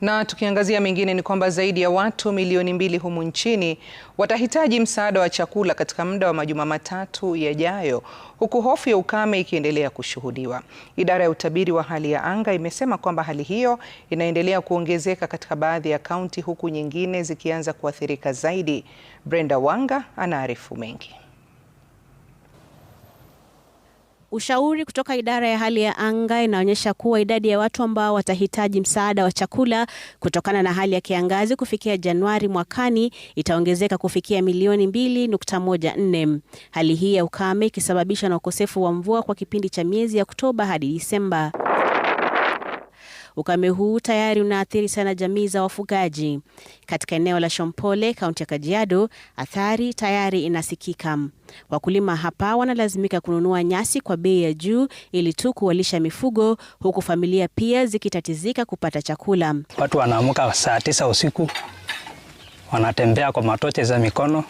Na tukiangazia mengine ni kwamba zaidi ya watu milioni mbili humu nchini watahitaji msaada wa chakula katika muda wa majuma matatu yajayo, huku hofu ya ukame ikiendelea kushuhudiwa. Idara ya utabiri wa hali ya anga imesema kwamba hali hiyo inaendelea kuongezeka katika baadhi ya kaunti, huku nyingine zikianza kuathirika zaidi. Brenda Wanga anaarifu mengi. Ushauri kutoka idara ya hali ya anga inaonyesha kuwa idadi ya watu ambao watahitaji msaada wa chakula kutokana na hali ya kiangazi kufikia Januari mwakani itaongezeka kufikia milioni 2.14. Hali hii ya ukame ikisababishwa na ukosefu wa mvua kwa kipindi cha miezi ya Oktoba hadi Disemba. Ukame huu tayari unaathiri sana jamii za wafugaji katika eneo la Shompole, kaunti ya Kajiado. Athari tayari inasikika. Wakulima hapa wanalazimika kununua nyasi kwa bei ya juu ili tu kuwalisha mifugo, huku familia pia zikitatizika kupata chakula. Watu wanaamka saa tisa usiku wanatembea kwa matoche za mikono,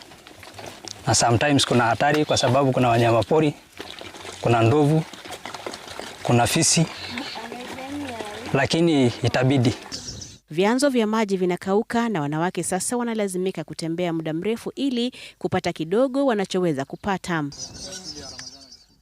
na sometimes kuna hatari kwa sababu kuna wanyamapori kuna ndovu, kuna fisi lakini itabidi. Vyanzo vya maji vinakauka na wanawake sasa wanalazimika kutembea muda mrefu ili kupata kidogo wanachoweza kupata.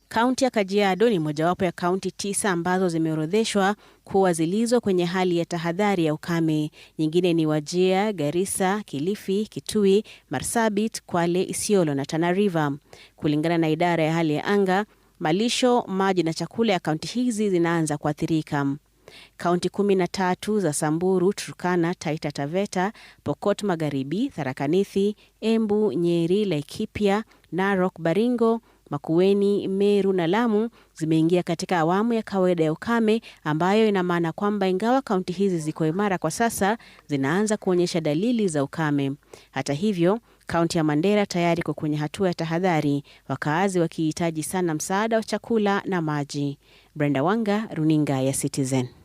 Kaunti ya Kajiado ni mojawapo ya kaunti tisa ambazo zimeorodheshwa kuwa zilizo kwenye hali ya tahadhari ya ukame. Nyingine ni Wajia, Garissa, Kilifi, Kitui, Marsabit, Kwale, Isiolo na Tana River. Kulingana na idara ya hali ya anga, malisho, maji na chakula ya kaunti hizi zinaanza kuathirika. Kaunti kumi na tatu za Samburu, Turkana, Taita Taveta, Pokot Magharibi, tharakanithi Embu, Nyeri, Laikipia, Narok, Baringo Makueni, Meru na Lamu zimeingia katika awamu ya kawaida ya ukame, ambayo ina maana kwamba ingawa kaunti hizi ziko imara kwa sasa, zinaanza kuonyesha dalili za ukame. Hata hivyo, kaunti ya Mandera tayari iko kwenye hatua ya tahadhari, wakaazi wakihitaji sana msaada wa chakula na maji. Brenda Wanga, runinga ya Citizen.